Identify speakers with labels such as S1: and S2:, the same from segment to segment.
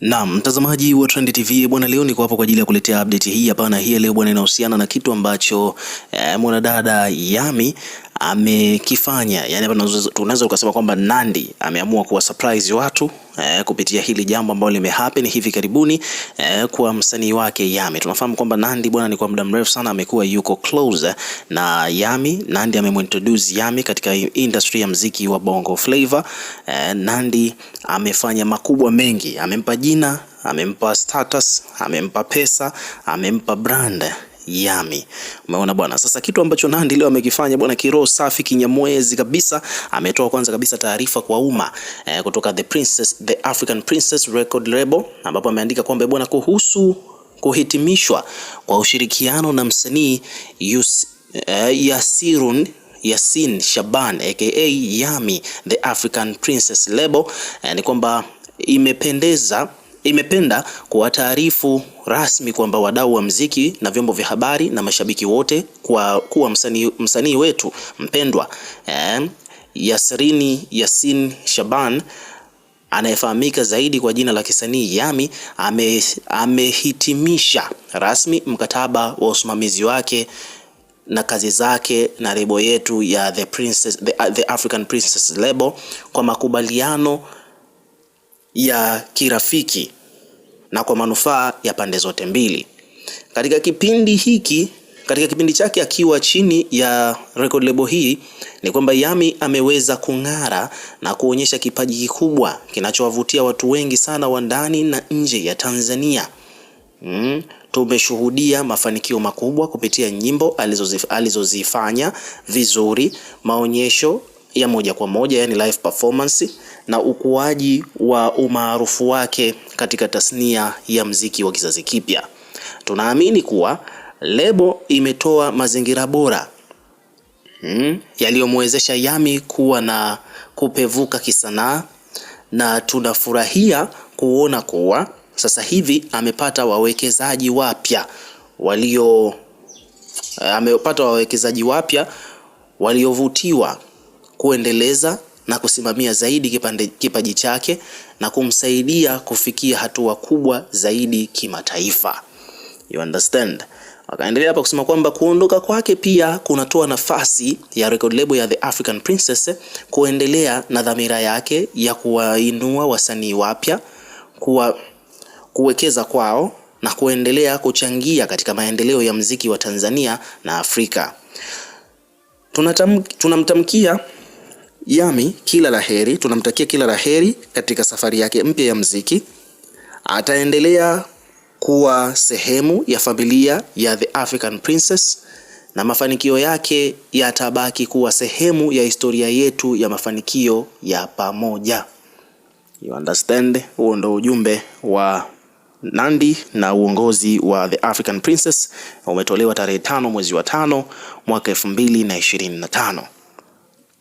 S1: Na mtazamaji wa Trend TV bwana, leo niko hapo kwa ajili ya kuletea update hii hapana hii leo bwana, inahusiana na kitu ambacho eh, mwanadada yami amekifanya. Yani tunaweza ukasema kwamba Nandy ameamua kuwa surprise watu eh, kupitia hili jambo ambalo limehappen hivi karibuni eh, kwa msanii wake Yami. Tunafahamu kwamba Nandy bwana, ni kwa muda mrefu sana amekuwa yuko close na Yami. Nandy amemintroduce Yami katika industry ya mziki wa Bongo Flava. Eh, Nandy amefanya makubwa mengi, amempa jina, amempa status, amempa pesa, amempa brand Yami. Umeona bwana, sasa kitu ambacho Nandy leo amekifanya bwana, kiroho safi kinyamwezi kabisa, ametoa kwanza kabisa taarifa kwa umma eh, kutoka The Princess, The African Princess Record Label ambapo ameandika kwamba bwana, kuhusu kuhitimishwa kwa ushirikiano na msanii eh, Yasirun Yasin Shaban aka Yami The African Princess Label eh, ni kwamba imependeza imependa kuwataarifu rasmi kwamba wadau wa mziki na vyombo vya habari na mashabiki wote kwa kuwa msanii msanii wetu mpendwa eh, Yasrini Yasin Shaban anayefahamika zaidi kwa jina la kisanii ame, amehitimisha rasmi mkataba wa usimamizi wake na kazi zake na lebo yetu ya The Princess, The, The African Princess Label kwa makubaliano ya kirafiki na kwa manufaa ya pande zote mbili. Katika kipindi hiki, katika kipindi chake akiwa chini ya record label hii ni kwamba yami ameweza kung'ara na kuonyesha kipaji kikubwa kinachowavutia watu wengi sana wa ndani na nje ya Tanzania. Mm, tumeshuhudia mafanikio makubwa kupitia nyimbo alizozifanya alizozifanya vizuri, maonyesho ya moja kwa moja, yani live performance na ukuaji wa umaarufu wake katika tasnia ya mziki wa kizazi kipya. Tunaamini kuwa lebo imetoa mazingira bora hmm, yaliyomwezesha yami kuwa na kupevuka kisanaa na tunafurahia kuona kuwa sasa hivi amepata wawekezaji wapya walio eh, amepata wawekezaji wapya waliovutiwa kuendeleza na kusimamia zaidi kipande, kipaji chake na kumsaidia kufikia hatua kubwa zaidi kimataifa. You understand? Wakaendelea hapa kusema kwamba kuondoka kwake pia kunatoa nafasi ya record label ya The African Princess kuendelea na dhamira yake ya kuwainua wasanii wapya, kuwa kuwekeza kwao na kuendelea kuchangia katika maendeleo ya mziki wa Tanzania na Afrika. Tunatamkia Yami kila laheri, tunamtakia kila laheri katika safari yake mpya ya mziki. Ataendelea kuwa sehemu ya familia ya The African Princess na mafanikio yake yatabaki kuwa sehemu ya historia yetu ya mafanikio ya pamoja. You understand? Huo ndo ujumbe wa Nandi na uongozi wa The African Princess umetolewa tarehe tano mwezi wa tano mwaka elfu mbili na ishirini na tano.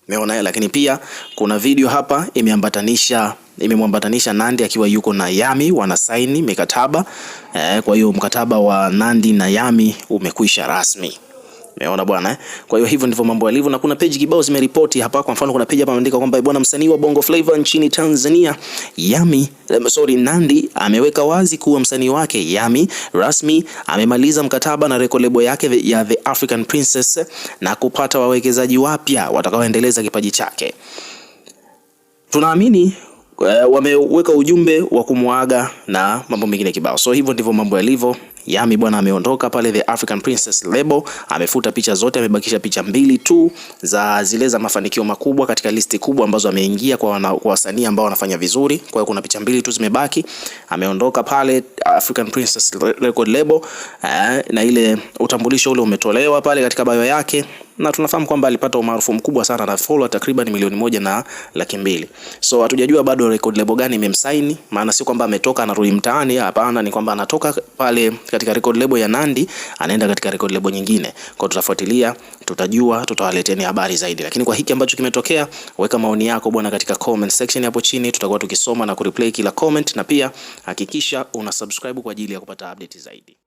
S1: Umeona, eh? lakini pia kuna video hapa imeambatanisha imemwambatanisha Nandi akiwa yuko na Yami wanasaini mikataba eh, kwa hiyo mkataba wa nandi na Yami umekwisha rasmi. Umeona bwana eh? Kwa hiyo hivyo ndivyo mambo yalivyo, na kuna page kibao zimeripoti hapa. Kwa mfano, kuna page hapa imeandika kwamba bwana msanii wa Bongo Flava nchini Tanzania Yami, eh, sorry, Nandi ameweka wazi kuwa msanii wake Yami rasmi amemaliza mkataba na record label yake ya The African Princess eh, na kupata wawekezaji wapya watakaoendeleza kipaji chake. Tunaamini eh, wameweka ujumbe wa kumwaga na mambo mengine kibao. So hivyo ndivyo mambo yalivyo. Yami bwana ameondoka pale The African Princess label, amefuta picha zote, amebakisha picha mbili tu za zile za mafanikio makubwa katika listi kubwa ambazo ameingia kwa, kwa wasanii ambao wanafanya vizuri. Kwa hiyo kuna picha mbili tu zimebaki, ameondoka pale African Princess record label, eh, na ile utambulisho ule umetolewa pale katika bio yake na tunafahamu kwamba alipata umaarufu mkubwa sana na follower takriban milioni moja na laki mbili. So hatujajua bado record label gani imemsaini, maana si kwamba ametoka anarudi mtaani, hapana, ni kwamba anatoka pale katika record label ya Nandi anaenda katika record label nyingine. Kwa tutafuatilia, tutajua, tutawaleteni habari zaidi. Lakini kwa hiki ambacho kimetokea, weka maoni yako bwana katika comment section hapo chini, tutakuwa tukisoma na kureplay kila comment, na pia hakikisha una subscribe kwa ajili ya kupata update zaidi.